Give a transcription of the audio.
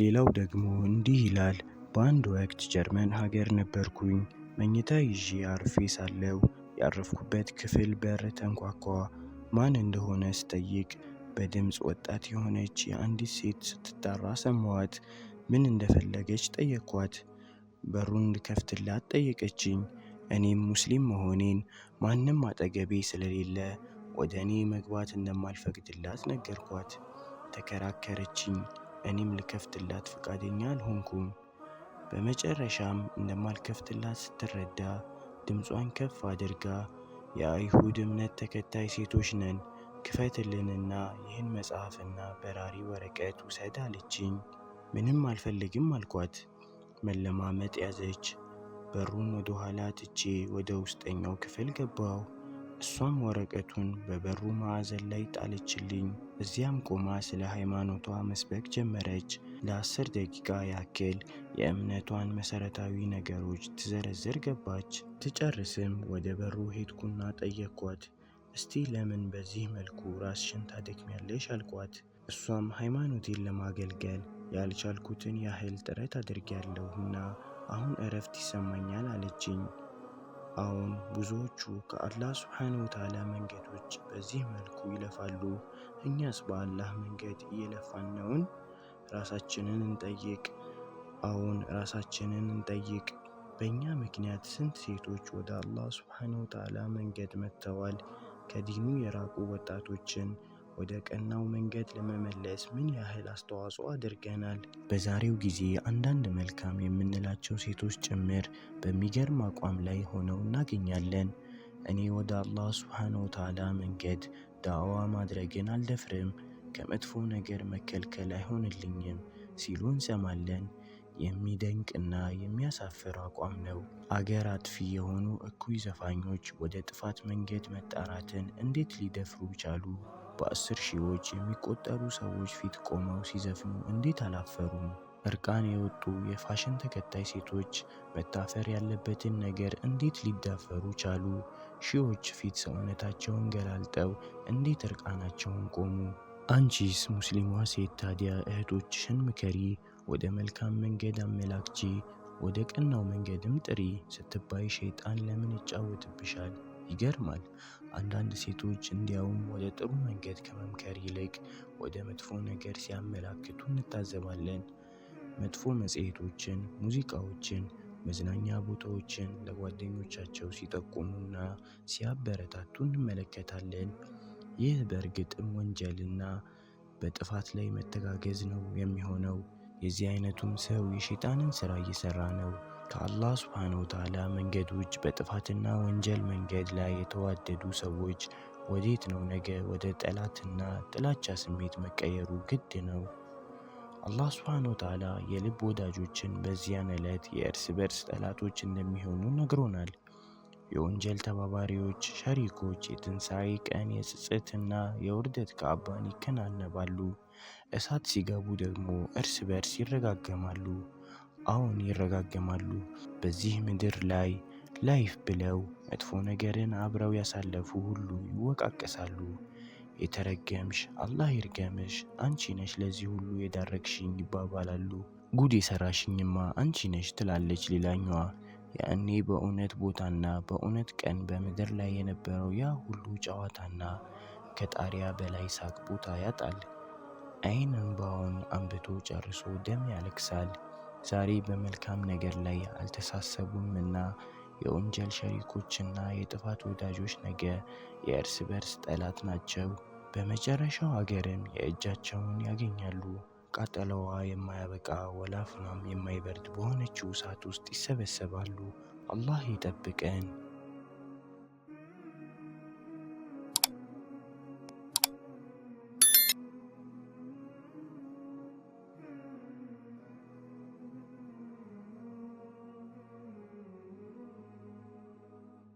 ሌላው ደግሞ እንዲህ ይላል። በአንድ ወቅት ጀርመን ሀገር ነበርኩኝ። መኝታ ይዤ አርፌ ሳለው ያረፍኩበት ክፍል በር ተንኳኳ። ማን እንደሆነ ስጠይቅ በድምፅ ወጣት የሆነች የአንዲት ሴት ስትጠራ ሰማዋት። ምን እንደፈለገች ጠየኳት። በሩን እንድከፍትላት ጠየቀችኝ። እኔም ሙስሊም መሆኔን ማንም አጠገቤ ስለሌለ ወደ እኔ መግባት እንደማልፈቅድላት ነገርኳት። ተከራከረችኝ። እኔም ልከፍትላት ፈቃደኛ አልሆንኩም። በመጨረሻም እንደማልከፍትላት ስትረዳ ድምጿን ከፍ አድርጋ የአይሁድ እምነት ተከታይ ሴቶች ነን፣ ክፈትልንና ይህን መጽሐፍና በራሪ ወረቀት ውሰድ አለችኝ። ምንም አልፈልግም አልኳት። መለማመጥ ያዘች። በሩን ወደ ኋላ ትቼ ወደ ውስጠኛው ክፍል ገባው። እሷም ወረቀቱን በበሩ ማዕዘን ላይ ጣለችልኝ። እዚያም ቆማ ስለ ሃይማኖቷ መስበክ ጀመረች። ለአስር ደቂቃ ያክል የእምነቷን መሰረታዊ ነገሮች ትዘረዝር ገባች። ትጨርስም ወደ በሩ ሄድኩና ጠየቅኳት። እስቲ ለምን በዚህ መልኩ ራስሽን ታደክሚያለሽ አልኳት። እሷም ሃይማኖቴን ለማገልገል ያልቻልኩትን ያህል ጥረት አድርጌያለሁና አሁን እረፍት ይሰማኛል አለችኝ። አሁን ብዙዎቹ ከአላህ ሱብሓነሁ ወተዓላ መንገዶች በዚህ መልኩ ይለፋሉ። እኛስ በአላህ መንገድ እየለፋን ነውን? ራሳችንን እንጠይቅ። አሁን ራሳችንን እንጠይቅ። በእኛ ምክንያት ስንት ሴቶች ወደ አላህ ሱብሓነሁ ወተዓላ መንገድ መጥተዋል? ከዲኑ የራቁ ወጣቶችን ወደ ቀናው መንገድ ለመመለስ ምን ያህል አስተዋጽኦ አድርገናል? በዛሬው ጊዜ አንዳንድ መልካም የምንላቸው ሴቶች ጭምር በሚገርም አቋም ላይ ሆነው እናገኛለን። እኔ ወደ አላህ ሱብሓነሁ ወተዓላ መንገድ ዳዕዋ ማድረግን አልደፍርም፣ ከመጥፎ ነገር መከልከል አይሆንልኝም ሲሉ እንሰማለን። የሚደንቅና የሚያሳፍር አቋም ነው። አገር አጥፊ የሆኑ እኩይ ዘፋኞች ወደ ጥፋት መንገድ መጣራትን እንዴት ሊደፍሩ ቻሉ? በአስር ሺዎች የሚቆጠሩ ሰዎች ፊት ቆመው ሲዘፍኑ እንዴት አላፈሩም! እርቃን የወጡ የፋሽን ተከታይ ሴቶች መታፈር ያለበትን ነገር እንዴት ሊዳፈሩ ቻሉ? ሺዎች ፊት ሰውነታቸውን ገላልጠው እንዴት እርቃናቸውን ቆሙ? አንቺስ ሙስሊሟ ሴት ታዲያ እህቶችሽን ምከሪ፣ ወደ መልካም መንገድ አመላክቺ፣ ወደ ቀናው መንገድም ጥሪ ስትባይ ሸይጣን ለምን ይጫወትብሻል? ይገርማል። አንዳንድ ሴቶች እንዲያውም ወደ ጥሩ መንገድ ከመምከር ይልቅ ወደ መጥፎ ነገር ሲያመላክቱ እንታዘባለን። መጥፎ መጽሔቶችን፣ ሙዚቃዎችን፣ መዝናኛ ቦታዎችን ለጓደኞቻቸው ሲጠቁሙና ሲያበረታቱ እንመለከታለን። ይህ በእርግጥም ወንጀልና በጥፋት ላይ መተጋገዝ ነው የሚሆነው። የዚህ አይነቱም ሰው የሸይጣንን ስራ እየሰራ ነው። ከአላህ ሱብሓነሁ ወተዓላ መንገድ ውጭ በጥፋትና ወንጀል መንገድ ላይ የተዋደዱ ሰዎች ወዴት ነው ነገ ወደ ጠላትና ጥላቻ ስሜት መቀየሩ ግድ ነው። አላህ ሱብሓነሁ ወተዓላ የልብ ወዳጆችን በዚያን ዕለት የእርስ በርስ ጠላቶች እንደሚሆኑ ነግሮናል። የወንጀል ተባባሪዎች፣ ሸሪኮች የትንሣኤ ቀን የጽጽትና የውርደት ካባን ይከናነባሉ። እሳት ሲገቡ ደግሞ እርስ በርስ ይረጋገማሉ። አዎን ይረጋገማሉ። በዚህ ምድር ላይ ላይፍ ብለው መጥፎ ነገርን አብረው ያሳለፉ ሁሉ ይወቃቀሳሉ። የተረገምሽ አላህ ይርገምሽ፣ አንቺ ነሽ ለዚህ ሁሉ የዳረግሽኝ ይባባላሉ። ጉድ የሰራሽኝማ አንቺ ነሽ ትላለች ሌላኛዋ። ያኔ በእውነት ቦታና በእውነት ቀን በምድር ላይ የነበረው ያ ሁሉ ጨዋታና ከጣሪያ በላይ ሳቅ ቦታ ያጣል። ዓይን እንባውን አንብቶ ጨርሶ ደም ያለቅሳል። ዛሬ በመልካም ነገር ላይ አልተሳሰቡም እና የወንጀል እና የጥፋት ወዳጆች ነገ የእርስ በርስ ጠላት ናቸው። በመጨረሻው አገርም የእጃቸውን ያገኛሉ። ቃጠለዋ የማያበቃ ወላፍናም የማይበርድ በሆነችው እሳት ውስጥ ይሰበሰባሉ። አላህ ይጠብቀን።